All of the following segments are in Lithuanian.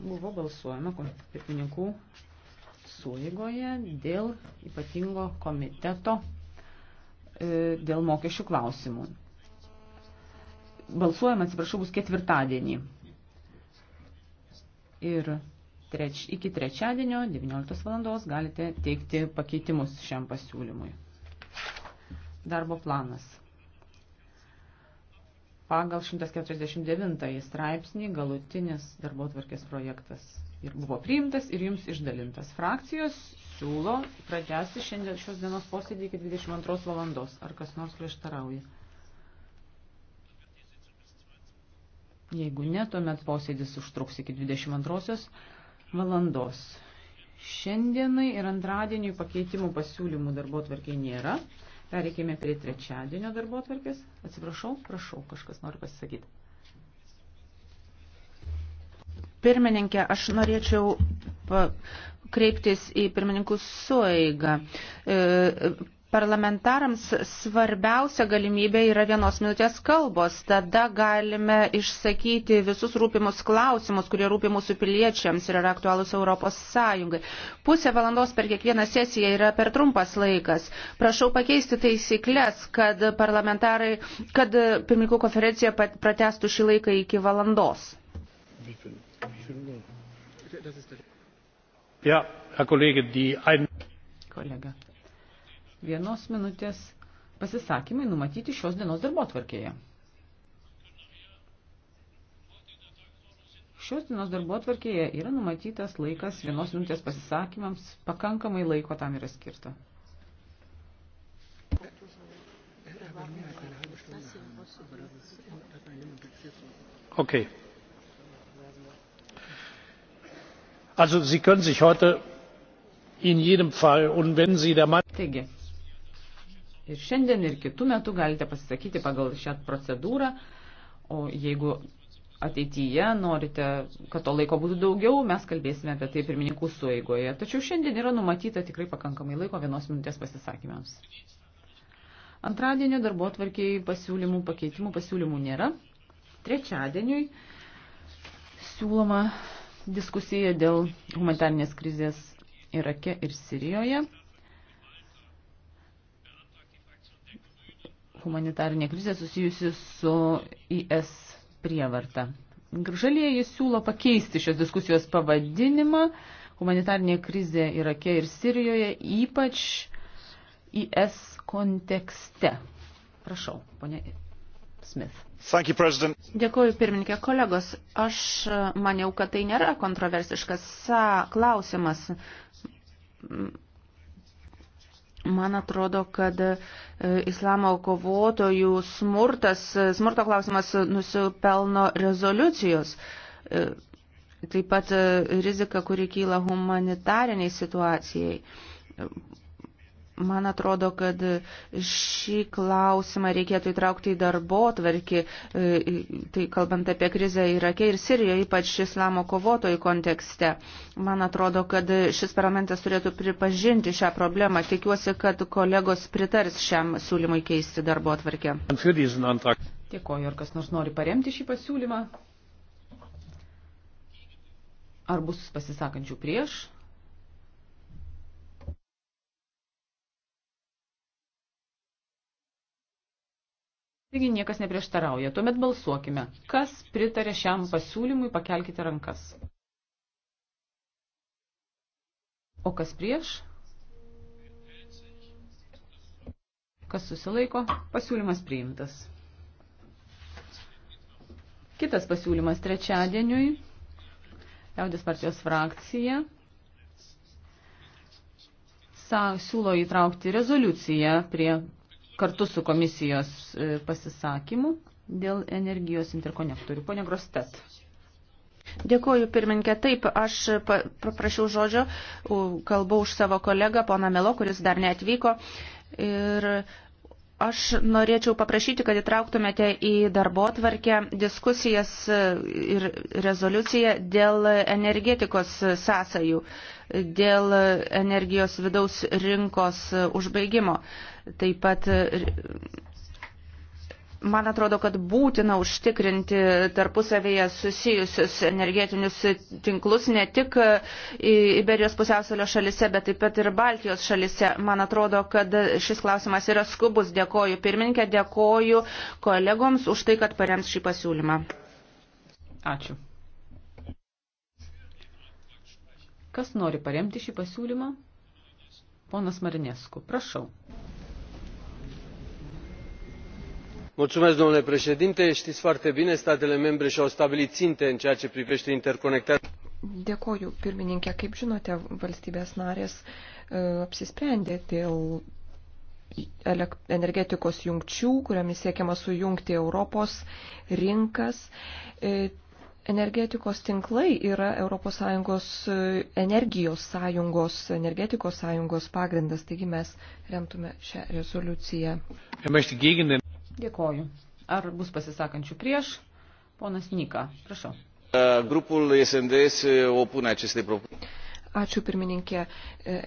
buvo balsuojama pirmininkų suėgoje dėl ypatingo komiteto e, dėl mokesčių klausimų. Balsuojama, atsiprašau, bus ketvirtadienį. Ir treč, iki trečiadienio 19 valandos galite teikti pakeitimus šiam pasiūlymui. Darbo planas pagal 149 straipsnį galutinis darbo tvarkės projektas ir buvo priimtas ir jums išdalintas. Frakcijos siūlo pratesti šiandien šios dienos posėdį iki 22 valandos. Ar kas nors prieštarauja? Jeigu ne, tuomet posėdis užtruks iki 22 valandos. Šiandienai ir antradieniui pakeitimų pasiūlymų darbo tvarkiai nėra. Pereikime prie trečiadienio darbo atvarkės. Atsiprašau, prašau, kažkas nori pasisakyti. Pirmininkė, aš norėčiau kreiptis į pirmininkus sueigą. E, Parlamentarams svarbiausia galimybė yra vienos minutės kalbos. Tada galime išsakyti visus rūpimus klausimus, kurie rūpi mūsų piliečiams ir yra aktualūs Europos Sąjungai. Pusė valandos per kiekvieną sesiją yra per trumpas laikas. Prašau pakeisti taisyklės, kad parlamentarai, kad pirmininkų konferencija pratestų šį laiką iki valandos. Ja, Herr Kollege, die ein... Kollege vienos minutės pasisakymai numatyti šios dienos darbo tvarkėje. Šios dienos darbo tvarkėje yra numatytas laikas vienos minutės pasisakymams, pakankamai laiko tam yra skirta. Okay. Also Sie können sich heute in jedem Fall und wenn Sie der Meinung ir šiandien, ir kitų metų galite pasisakyti pagal šią procedūrą. O jeigu ateityje norite, kad to laiko būtų daugiau, mes kalbėsime apie tai pirmininkų sueigoje. Tačiau šiandien yra numatyta tikrai pakankamai laiko vienos minutės pasisakymams. Antradienio darbo atvarkiai pasiūlymų, pakeitimų pasiūlymų nėra. Trečiadieniui siūloma diskusija dėl humanitarnės krizės Irake ir Sirijoje. humanitarinė krizė susijusi su IS prievarta. Žalieji siūlo pakeisti šios diskusijos pavadinimą. Humanitarinė krizė Irake ir Sirijoje, ypač IS kontekste. Prašau, ponė Smith. You, Dėkuoju, pirmininkė. Kolegos, aš maniau, kad tai nėra kontroversiškas sa klausimas Man atrodo, kad e, islamo kovotojų smurtas, e, smurto klausimas nusipelno rezoliucijos. E, taip pat rizika, kuri kyla humanitariniai situacijai. Man atrodo, kad šį klausimą reikėtų įtraukti į darbo tvarkį, e, tai kalbant apie krizę Irake ir Sirijoje, ypač islamo kovotojų kontekste. Man atrodo, kad šis parlamentas turėtų pripažinti šią problemą. Tikiuosi, kad kolegos pritars šiam siūlymui keisti darbo tvarkę. Dėkoju, ar kas nors nori paremti šį pasiūlymą? Ar bus pasisakančių prieš? Taigi niekas neprieštarauja. Tuomet balsuokime. Kas pritarė šiam pasiūlymui, pakelkite rankas. O kas prieš? Kas susilaiko? Pasiūlymas priimtas. Kitas pasiūlymas trečiadieniui. Liaudės partijos frakcija sa, siūlo įtraukti rezoliuciją prie kartu su komisijos e, pasisakymu dėl energijos interkonektorių. Pone Grostet. Dėkuoju, pirminkė. Taip, aš paprašiau žodžio, kalbau už savo kolegą, poną Melo, kuris dar neatvyko. Ir Aš norėčiau paprašyti, kad įtrauktumėte į darbo tvarkę diskusijas e, ir rezoliuciją dėl energetikos sąsajų, dėl energijos vidaus rinkos užbaigimo. Taip pat e, Man atrodo, kad būtina užtikrinti tarpusavėje susijusius energetinius tinklus ne tik Iberijos pusiausalio šalise, bet taip pat ir Baltijos šalise. Man atrodo, kad šis klausimas yra skubus. Dėkoju pirmininkė, dėkoju kolegoms už tai, kad parems šį pasiūlymą. Ačiū. Kas nori paremti šį pasiūlymą? Ponas Marinesku, prašau. domnule președinte știți foarte bine statele membre și au stabilit ținte în ceea ce privește interconectarea. dėkoju pirmininke kaip žinote valstybės narės e, apsisprendė dėl energetikos jungčių kuriomis siekiama sujungti europos rinkas e, energetikos tinklai yra ES e, energijos sąjungos, energetikos sąjungos pagrindas, taigi mes remtume šią rezoliuciją. Er Dėkoju. Ar bus pasisakančių prieš? Ponas Nika, prašau. E, grupul SND se opune acestei propuneri. Ačiū pirmininkė. E,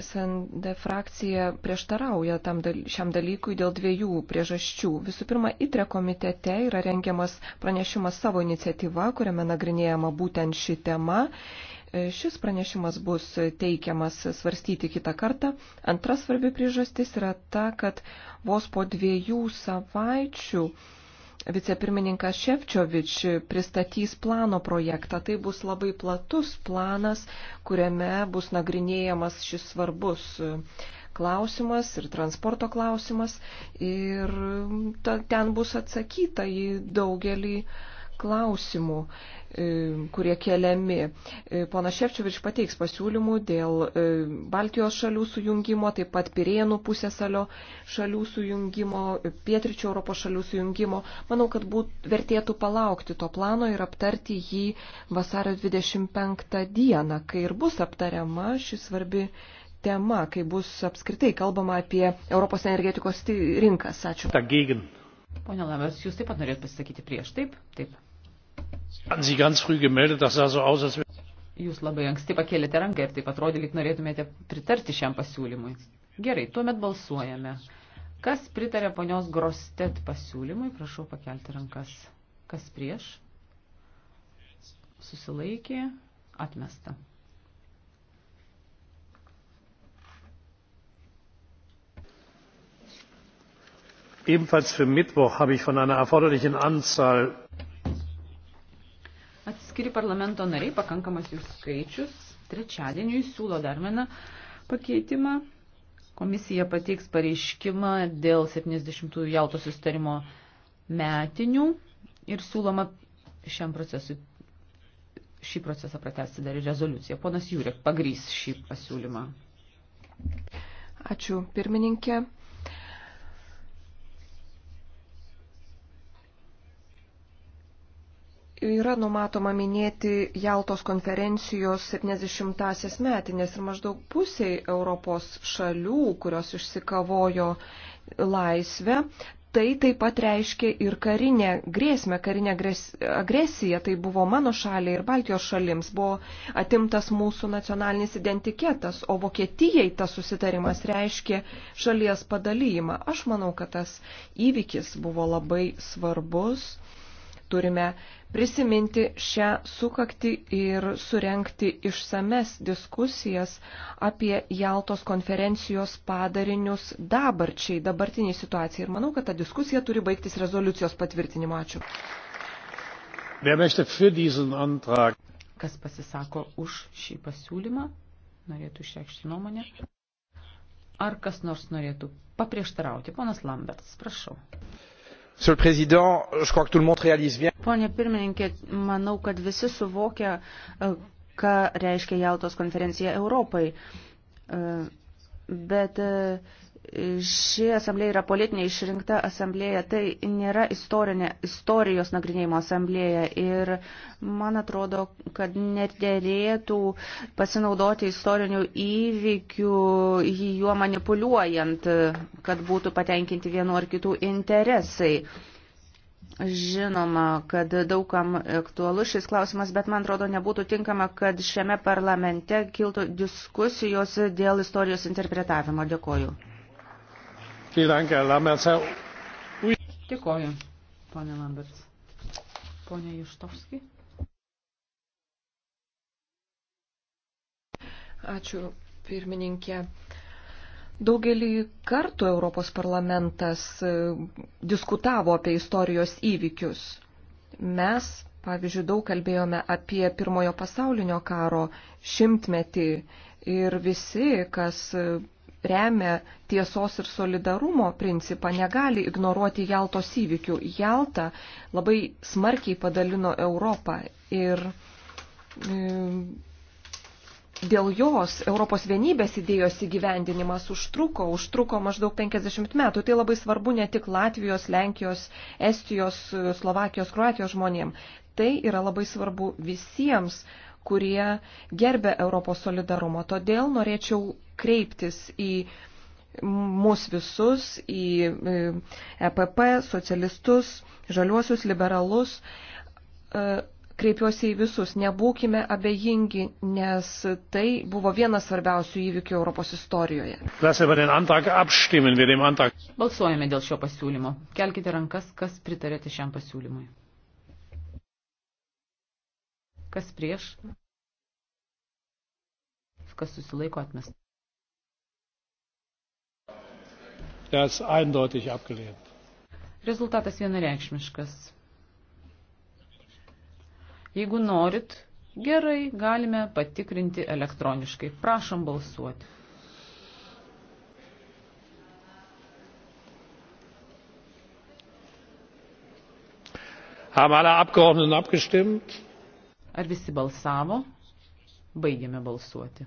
SND frakcija prieštarauja tam, šiam dalykui dėl dviejų priežasčių. Visų pirma, ITRE komitete yra rengiamas pranešimas savo iniciatyva, kuriame nagrinėjama būtent ši tema. Šis pranešimas bus teikiamas svarstyti kitą kartą. Antra svarbi priežastis yra ta, kad vos po dviejų savaičių vicepirmininkas Ševčiovič pristatys plano projektą. Tai bus labai platus planas, kuriame bus nagrinėjamas šis svarbus klausimas ir transporto klausimas. Ir ta, ten bus atsakyta į daugelį uh, klausimų, e, kurie keliami. E, pona Šepčiovič pateiks pasiūlymų dėl e, Baltijos šalių sujungimo, taip pat Pirėnų pusėsalio šalių sujungimo, Pietričio Europos šalių sujungimo. Manau, kad būt, vertėtų palaukti to plano ir aptarti jį vasario 25 dieną, kai ir bus aptariama ši svarbi tema, kai bus apskritai kalbama apie Europos energetikos rinkas. Ačiū. Dagegen. Pone Lamers, jūs taip pat norėt pasisakyti prieš, taip? Taip. Jūs labai anksti pakėlėte ranką ir taip atrodė, lyg norėtumėte pritarti šiam pasiūlymui. Gerai, tuomet balsuojame. Kas pritarė ponios Grostet pasiūlymui, prašau pakelti rankas. Kas prieš? Susilaikė, atmesta. Ebenfalls für Mittwoch habe ich von einer erforderlichen Anzahl atskiri parlamento nariai, pakankamas jų skaičius, trečiadienį siūlo dar vieną pakeitimą. Komisija pateiks pareiškimą dėl 70-ųjų jauto sustarimo metinių ir siūloma šiam procesui šį procesą pratesti dar ir rezoliuciją. Ponas Jurek pagrys šį pasiūlymą. Ačiū pirmininkė. yra numatoma minėti Jaltos konferencijos 70-asias metinės ir maždaug pusiai Europos šalių, kurios išsikavojo laisvę, tai taip pat reiškia ir karinę grėsmę, karinę agresiją. Tai buvo mano šaliai ir Baltijos šalims. Buvo atimtas mūsų nacionalinis identitetas, o Vokietijai tas susitarimas reiškia šalies padalyjimą. Aš manau, kad tas įvykis buvo labai svarbus. Turime prisiminti šią sukakti ir surenkti išsames diskusijas apie Jaltos konferencijos padarinius dabarčiai, dabartiniai situacijai. Ir manau, kad ta diskusija turi baigtis rezoliucijos patvirtinimu. Ačiū. Kas pasisako už šį pasiūlymą, norėtų išreikšti nuomonę. Ar kas nors norėtų paprieštarauti? Ponas Lambertas, prašau. Pone pirmininkė, manau, kad visi suvokia, e, ką reiškia Jaltos konferencija Europai. E, bet e, ši asamblėja yra politinė išrinkta asamblėja, tai nėra istorinė, istorijos nagrinėjimo asamblėja ir man atrodo, kad nedėrėtų pasinaudoti istorinių įvykių jį juo manipuliuojant, kad būtų patenkinti vienu ar kitų interesai. Žinoma, kad daugam aktualus šis klausimas, bet man atrodo nebūtų tinkama, kad šiame parlamente kiltų diskusijos dėl istorijos interpretavimo. Dėkoju. Dėkoju, ponė Lamberts. Ponė Ištovski. Ačiū, pirmininkė. Daugelį kartų Europos parlamentas e, diskutavo apie istorijos įvykius. Mes, pavyzdžiui, daug kalbėjome apie pirmojo pasaulinio karo šimtmetį ir visi, kas e, remia tiesos ir solidarumo principą, negali ignoruoti Jaltos įvykių. Jalta labai smarkiai padalino Europą ir e, dėl jos Europos vienybės idėjos įgyvendinimas užtruko, užtruko maždaug 50 metų. Tai labai svarbu ne tik Latvijos, Lenkijos, Estijos, Slovakijos, Kroatijos žmonėm. Tai yra labai svarbu visiems kurie gerbė Europos solidarumo. Todėl norėčiau kreiptis į mus visus, į EPP, e socialistus, žaliuosius, liberalus. E, kreipiuosi į visus, nebūkime abejingi, nes tai buvo vienas svarbiausių įvykių Europos istorijoje. Balsuojame dėl šio pasiūlymo. Kelkite rankas, kas pritarėte šiam pasiūlymui. Kas prieš? Kas susilaiko atmesta? Das eindeutig abgelehnt. Rezultatas vienareikšmiškas. Jeigu norit, gerai, galime patikrinti elektroniškai. Prašom balsuoti. Haben alle Abgeordneten abgestimmt? Ar visi balsavo? Baigėme balsuoti.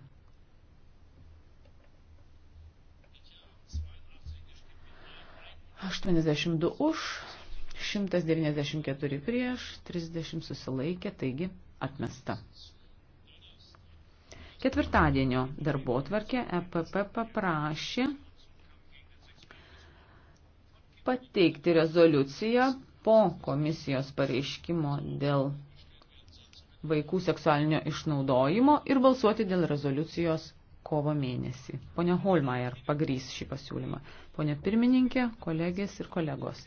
Aštuoniasdešimt du už, šimtas devyniasdešimt keturi prieš, trisdešimt susilaikė, taigi atmesta. Ketvirtadienio darbo tvarkė EPP paprašė pateikti rezoliuciją po komisijos pareiškimo dėl vaikų seksualinio išnaudojimo ir balsuoti dėl rezoliucijos kovo mėnesį. Pone Holmeier pagrys šį pasiūlymą. Pone pirmininkė, kolegės ir kolegos.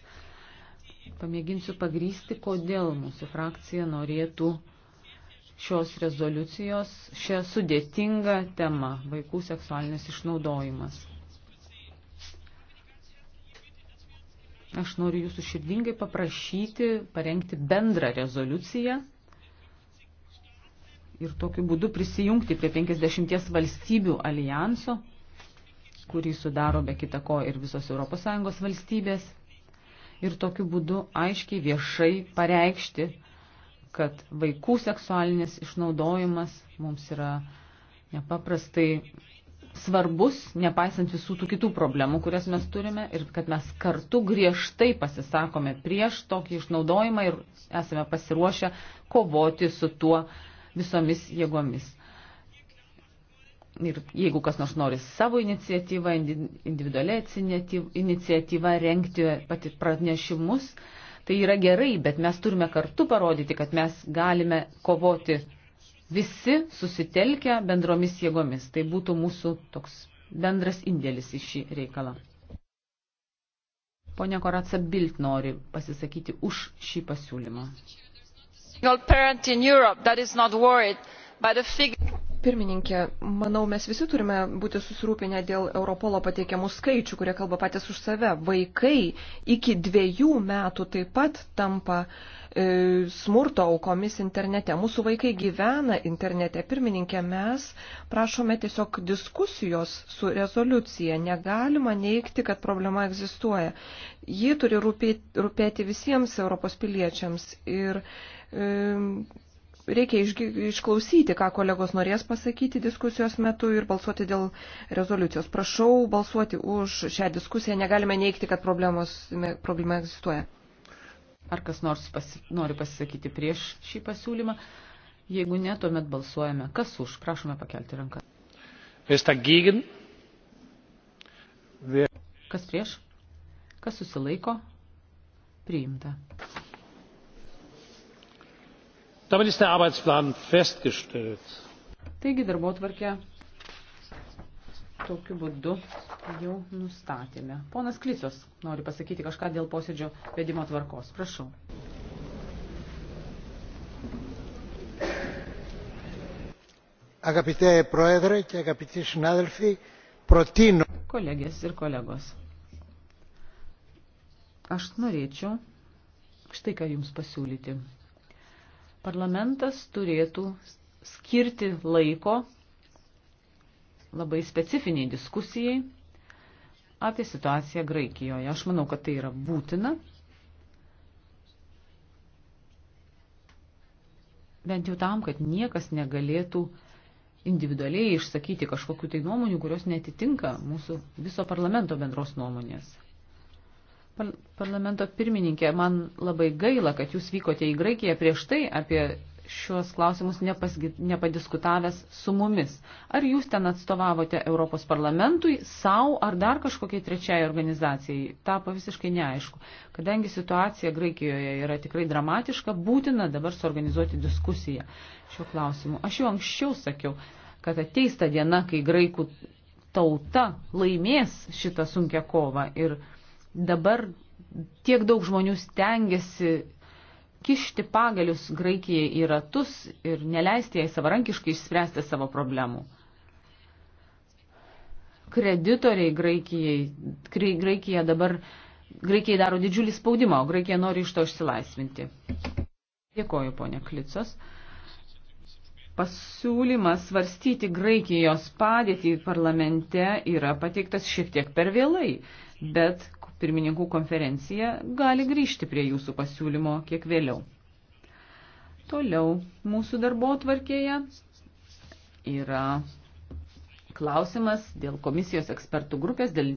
Pamėginsiu pagrysti, kodėl mūsų frakcija norėtų šios rezoliucijos šią sudėtingą temą – vaikų seksualinis išnaudojimas. Aš noriu jūsų širdingai paprašyti parengti bendrą rezoliuciją – ir tokiu būdu prisijungti prie 50 valstybių alijanso, kurį sudaro be kita ko ir visos ES valstybės, ir tokiu būdu aiškiai viešai pareikšti, kad vaikų seksualinis išnaudojimas mums yra nepaprastai svarbus, nepaisant visų tų kitų problemų, kurias mes turime, ir kad mes kartu griežtai pasisakome prieš tokį išnaudojimą ir esame pasiruošę kovoti su tuo, uh, visomis jėgomis. Ir jeigu kas nors nori savo iniciatyvą, individualią iniciatyvą renkti pati pranešimus, tai yra gerai, bet mes turime kartu parodyti, kad mes galime kovoti visi susitelkę bendromis jėgomis. Tai būtų mūsų toks bendras indėlis į šį reikalą. Pone Koratsa Bilt nori pasisakyti už šį pasiūlymą. Pirmininkė, manau, mes visi turime būti susirūpinę dėl Europolo pateikiamų skaičių, kurie kalba patys už save. Vaikai iki dviejų metų taip pat tampa e, smurto aukomis internete. Mūsų vaikai gyvena internete. Pirmininkė, mes prašome tiesiog diskusijos su rezoliucija. Negalima neikti, kad problema egzistuoja. Ji turi rūpėti, rūpėti visiems Europos piliečiams. Ir, e, reikia išklausyti, ką kolegos norės pasakyti diskusijos metu ir balsuoti dėl rezoliucijos. Prašau balsuoti už šią diskusiją, negalime neikti, kad problema egzistuoja. Ar kas nors pasi, nori pasisakyti prieš šį pasiūlymą? Jeigu ne, tuomet balsuojame. Kas už? Prašome pakelti ranką. Kas prieš? Kas susilaiko? Priimta damit ist der arbeitsplan festgestellt. taigi darbotvarkę tokiu būdu jau nustatėme. ponas klicos nori pasakyti kažką dėl posėdžio vedimo tvarkos. prašau. Αγαπητέ Πρόεδρε και αγαπητοί συνάδελφοι, προτείνω... Kolegės ir kolegos, aš norėčiau štai ką Jums pasiūlyti. Parlamentas turėtų skirti laiko labai specifiniai diskusijai apie situaciją Graikijoje. Aš manau, kad tai yra būtina. Bent jau tam, kad niekas negalėtų individualiai išsakyti kažkokiu tai nuomonių, kurios netitinka mūsų viso parlamento bendros nuomonės. Par parlamento pirmininkė, man labai gaila, kad jūs vykote į Graikiją prieš tai apie šios klausimus nepasgi, nepadiskutavęs su mumis. Ar jūs ten atstovavote Europos parlamentui, savo ar dar kažkokiai trečiai organizacijai? Tapo visiškai neaišku. Kadangi situacija Graikijoje yra tikrai dramatiška, būtina dabar suorganizuoti diskusiją šiuo klausimu. Aš jau anksčiau sakiau, kad ateis ta diena, kai graikų tauta laimės šitą sunkę kovą ir dabar tiek daug žmonių stengiasi kišti pagalius Graikijai į ratus ir neleisti jai savarankiškai išspręsti savo problemų. Kreditoriai Graikijai, Graikija dabar, Graikijai daro didžiulį spaudimą, o Graikija nori iš to išsilaisvinti. Dėkoju, ponė Klicos pasiūlymas svarstyti Graikijos padėtį parlamente yra pateiktas šiek tiek per vėlai, bet pirmininkų konferencija gali grįžti prie jūsų pasiūlymo kiek vėliau. Toliau mūsų darbo tvarkėje yra klausimas dėl komisijos ekspertų grupės, dėl